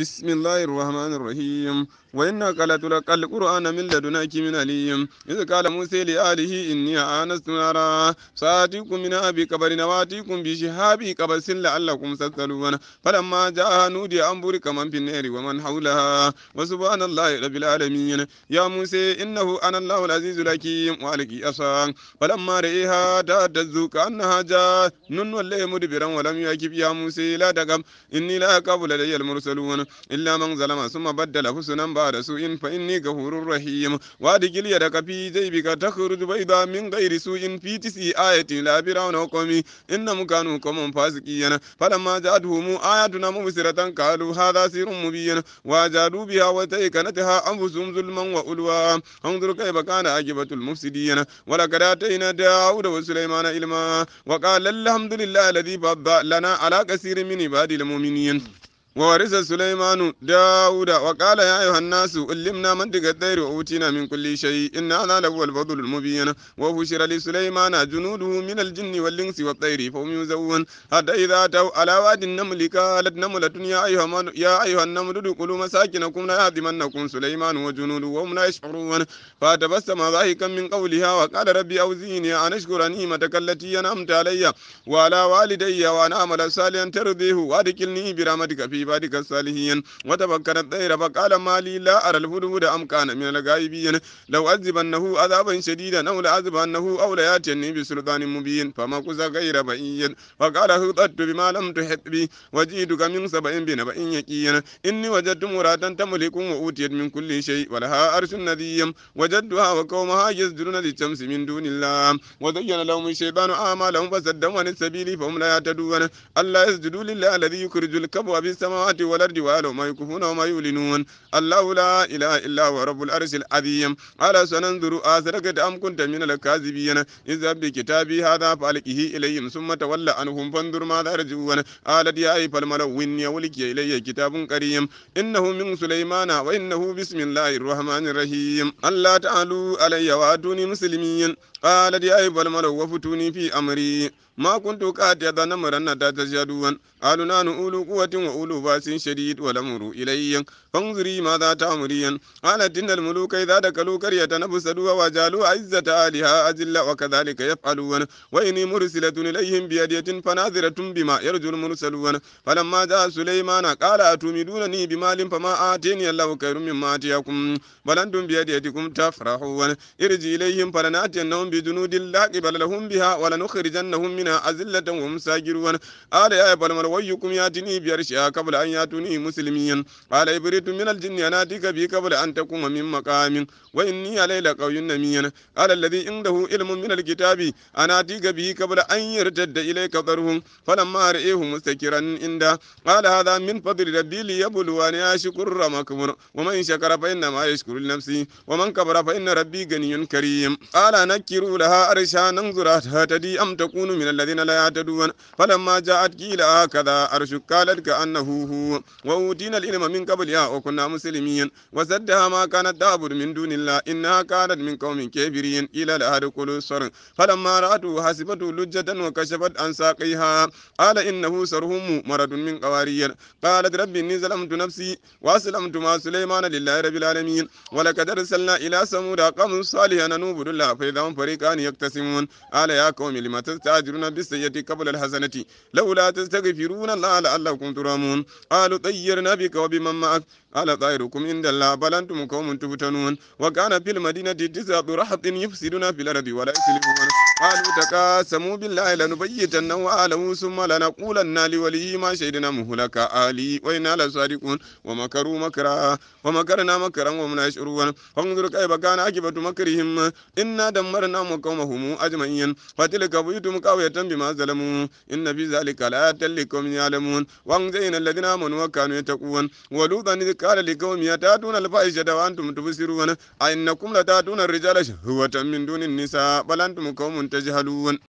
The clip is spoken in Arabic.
بسم الله الرحمن الرحيم قال تلقى القرآن من لدن حكيم عليم إذ قال موسى لآله إني آنست نارا سآتيكم من أبي كبر وآتيكم بشهاب كبس لعلكم ستلون فلما جاء نودي أن بورك من في النار ومن حولها وسبحان الله رب العالمين يا موسى إنه أنا الله العزيز الحكيم وعليك أسان فلما رئيها تهتز كأنها جاء نن ولا مدبرا ولم يكب يا موسى لا تقم إني لا أقبل لدي المرسلون إلا من ظلم ثم بدل حسنا بعد سوء فإني غفور رحيم وأدخل يدك في جيبك تخرج بيضا من غير سوء في تسع آية لا فرعون وقومي إنهم كانوا قوما فاسقين فلما جاءتهم آياتنا مبصرة قالوا هذا سير مبين وجادوا بها وتيكنتها أنفسهم ظلما وألوى انظر كيف كان عاقبة المفسدين ولقد آتينا داود وسليمان علما وقال الحمد لله الذي فضل لنا على كثير من عباد المؤمنين وورث سليمان داود وقال يا أيها الناس علمنا منطق الطير وأوتينا من كل شيء إن هذا لهو الفضل المبين وفشر لسليمان جنوده من الجن والإنس والطير فهم يزون حتى إذا أتوا على واد النمل قالت نملة يا أيها من يا أيها النمل ادخلوا مساكنكم لا يهدمنكم سليمان وجنوده وهم لا يشعرون فتبسم ضاحكا من قولها وقال ربي أوزيني أن أشكر نعمتك التي أنعمت علي وعلى والدي وأن أعمل صالحا ترضيه وأدخلني برحمتك في عبادك الصالحين وتفكر الطير فقال ما لي لا أرى الهدهد أم كان من الغائبين لو أذبنه عذابا شديدا أو لأذبنه أو لياتيني بسلطان مبين فما كز غير بئيا فقال هطت بما لم تحط بي وجيدك من سبع بنبأ يقين إني وجدت مرادا تملكم وأوتيت من كل شيء ولها أرش نذيم وجدها وقومها يزدرون للشمس من دون الله وزين لهم الشيطان أعمالهم فسدوا عن السبيل فهم لا يعتدون ألا يسجدوا لله الذي يخرج الكبوة في السماء السماوات والأرض ويعلم ما يكفون وما يولنون الله لا إله إلا هو رب العرش العظيم على سننظر آثرك أم كنت من الكاذبين إذا بكتابي هذا فألقه إليهم ثم تولى عنهم فانظر ماذا يرجعون آل يا أيها الملأ إني أولي إلي كتاب كريم إنه من سليمان وإنه بسم الله الرحمن الرحيم الله تعالوا علي وأتوني مسلمين قال يا أيها الملأ وفتوني في أمري ما كنت قاعد يا كاتبا نمرا تتجدون قالوا نانو أولو قوة وأولو بأس شديد والأمر إلي فانظري ماذا تأمرين قالت إن الملوك إذا دخلوا قرية نبسلوها وجعلوا عزة أهلها أذلة وكذلك يفعلون وإني مرسلة إليهم بيدية فناظرة بما يرجو المرسلون فلما جاء سليمان قال أتمدونني بمال فما آتيني الله خير مما آتيكم بل أنتم بهديتكم تفرحون ارجي إليهم فلنأتينهم بجنود لا قبل لهم بها ولنخرجنهم من الظالمين أذلة وهم ساجرون قال يا بلمر ويكم ياتني بيرشها قبل أن ياتني مسلمين قال إبريت من الجن أن آتيك بي قبل أن تقوم من مقام وإني علي لقوي نميا قال الذي عنده علم من الكتاب أنا آتيك به قبل أن يرتد إليك ضرهم فلما رئيه مستكرا عنده قال هذا من فضل ربي ليبلوني أشكر ما كبر ومن شكر فإنما يشكر لنفسه ومن كبر فإن ربي غني كريم قال نكروا لها أرشا ننظر هتدي أم تكون من الذين لا يعتدون فلما جاءت قيل هكذا أرشك قالت كأنه هو وأوتينا العلم من قبلها وكنا مسلمين وسدها ما كانت تعبد من دون الله إنها كانت من قوم كافرين إلى الأهل كل الصر فلما رأته حسبته لجة وكشفت عن ساقيها قال إنه سرهم مرض من قوارير قالت ربي إني ظلمت نفسي وأسلمت مع سليمان لله رب العالمين ولقد أرسلنا إلى سمود قوم صالحا نوبد الله فإذا هم فريقان يقتسمون قال يا قوم لم تستعجلون يأتون بالسيئة قبل الحسنة لولا تستغفرون الله لعلكم ترحمون قالوا طيرنا بك وبمن معك قال طائركم عند الله بل أنتم قوم تفتنون وكان في المدينة تسعة رهط يفسدون في الأرض ولا يصلحون قالوا تقاسموا بالله لنبيتنه وأهله ثم لنقولن لوليه ما شهدنا مهلك أهلي وإنا لصادقون ومكروا مكرا ومكرنا مكرا وهم لا يشعرون فانظر كيف كان عاقبة مكرهم إنا دمرنا وقومهم أجمعين فتلك بيوت مكاوية بما ظلموا إن في ذلك لا لقوم يعلمون وأنجينا الذين آمنوا وكانوا يتقون ولوطا إذ قال لقوم يتاتون الفائشة وأنتم تبصرون أئنكم لتاتون الرجال شهوة من دون النساء بل أنتم قوم تجهلون